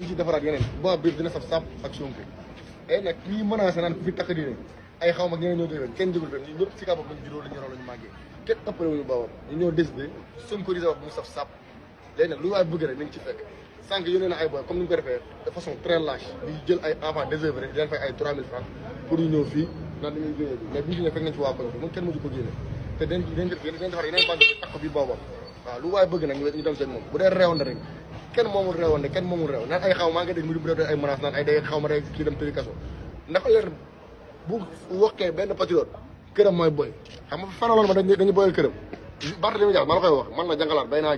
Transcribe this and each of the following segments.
ñu ci defaraat yeneen ba biir dina saf sàpp ak Sonko ay nag ñuy menacé naan ku fi takk diine ay xaw ma ñeneen ñoo doy kenn jógul fen ñu ñëpp si kabab lañ juróo la ñu raw la ñu màggee kenn ñu ñoo wax mu saf sàpp ci fekk sànq yónnee na ay boy comme de façon très lâche di jël ay avant leen fii naan dañuy génne bi mais bu ñu génne fekk nañ ci waa koñ bi moom kenn mësu lu waay bëgg nag ñu dem seen moom bu dee reewoon na rek kenn moom moomul réewoon de kenn moomul réew naan ay xaw maa ngi dégg mu di ay menaces naan ay day xaw ma day kii dem tëj kaso ndax leer bu wokkee benn patriote këram mooy boy xam nga faraloon ma dañu boyal këram Barthélémy Dias ma la koy wax man la jàngalaat bay naa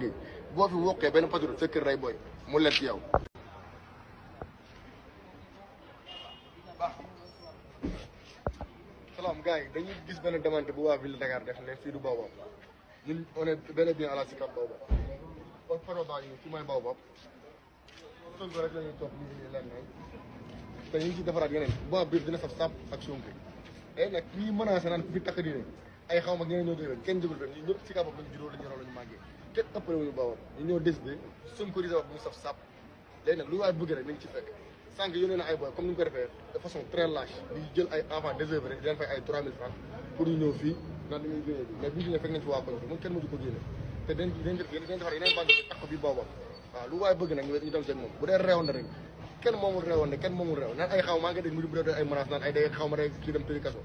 boo fi wokkee benn patriote sa kër day booy mu lekk ci yow salaam gars yi dañuy gis benn demande bu waa def ne fii du kon paroba yi ci mooy baobab Sonko rek ñu ngi ci defaraat yeneen ba biir dina saf sàpp ak Sonko ay nag kii menacé naan ku fi ay xaw ma ñeneen ñoo déglu kenn jógul benn ñëpp si kabab lañu juróo lañu yaroo lañu màggee kenn ëppale wuñu baobab ñu ñoo bu ñu saf sàpp léegi nag lu waay bëgg rek nañ ñu fekk sànq yónnee na ay boy comme ko defee de façon très lâche di jël ay avant désœuvré di leen fay ay 3000 francs pour ñu ñëw fii kenn mënu ko génne te dinañ dinañ dinañ defar yeneen bant bi takk bi boobam waaw lu waaye bëgg nag ñu dem seen moom bu dee reewoon rek kenn moomul reewoon ne kenn moomul reew naan ay xaw maa ngi dégg mu bu dee ay menace naan ay day xaw ma rek kii dem tëri kaso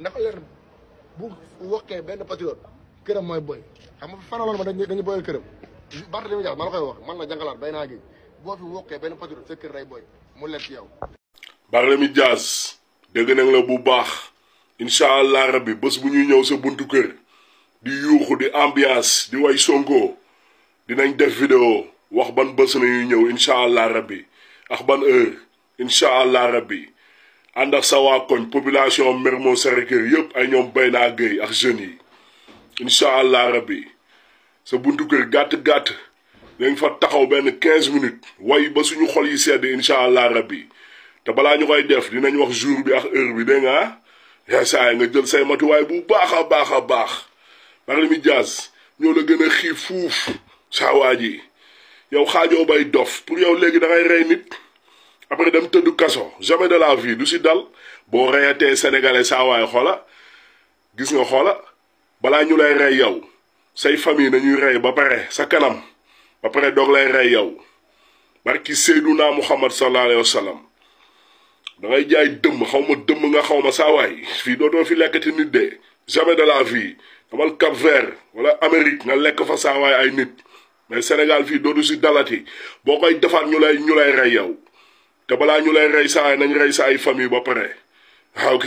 ndax leer bu waxee benn patriote këram mooy boy xam nga fanaloon ma dañuy boyal këram Barthélémy Dias ma la koy wax man la jàngalaat bay naa gi boo fi wokkee benn patriote sa kër day boy mu lekk yow Barthélémy Dias dégg nañ la bu baax incha allah rabbi bés bu ñuy ñëw sa buntu kër di yuuxu di ambiance di way Sonko dinañ def vidéo wax ban bés nañu ñëw incha allah rabbi ax ban heure incha allah rabbi ànd ak sa waa koñ population Mermoz Sacré-Cœur yëpp ay ñoom bay naa géey ak jeunes yi incha allah rabbi sa buntu kër gàtt-gàtt dañ fa taxaw benn quinze minutes way ba suñu xol yi sedd incha allah rabbi te balaa ñu koy def dinañ wax jour bi ak heure bi dégg nga ah saa nga jël say matuwaay bu baax a baax a baax mi Dias ñoo la gën a xiif fuuf saa waa ji yow xaajoo bay dof pour yow léegi da rey nit après dem tëdd kaso jamais de la vie du si dal boo reyatee sénégalais saawaay xoola gis nga xoola balaa ñu lay rey yow say famille nañuy rey ba pare sa kanam ba pare doog lay rey yow barki Seyduna Muhammad sallallahu alayhi wa sallam da ngay jaay dëmm xaw ma dëmm nga xaw ma saa waay fii doo fi lekkati nit de. jamais de la vie damal Cap Vert wala Amérique nga lekk fa saawaay ay nit mais Sénégal fii dootu si dalati boo koy defaat ñu lay ñu lay rey yow te balaa ñu lay rey saa nañ rey sa ay famille ba pare waaw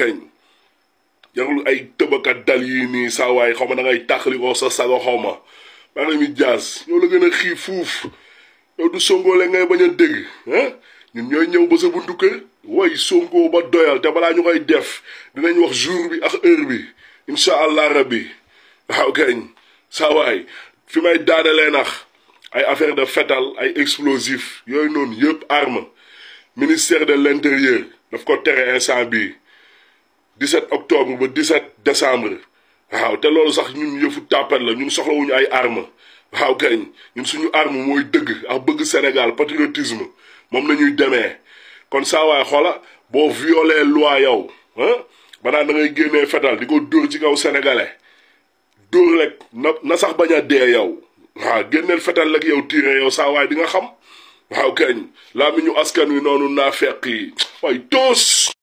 jarul ay tëbakat dal yii nii saawaay xaw ma da ngay tàqalikoo sa sago xaw ma Barthélémy Dias ñoo la gën a xii fuuf yow du songoole ngay bañ a dégg ñun ñooy ñëw ba sa buntu kër way Sonko ba doyal te balaa ñu koy def dinañ wax jour bi ak heure bi incha allah rabbi waaw kañ saa fi may daanalee nax ay affaire de fetal ay explosif yooyu noonu yëpp arme ministère de l' intérieur daf ko tere instant bii 17 octobre ba 17 décembre waaw te loolu sax ñun yëfu tàppat la ñun soxlawuñu ay arme waaw kañ ñun suñu arme mooy dëgg ak bëgg Sénégal patriotisme moom la ñuy demee kon saa waay xoola boo violé loi yow maanaam da ngay génnee fetal di ko dóor ci kaw sénégalais dóor rek na sax bañ a dee yow waaw génneel fetal rek yow tiire yow saa waay di nga xam waaw kañ laa ñu askan wi noonu naa feq yi waay toos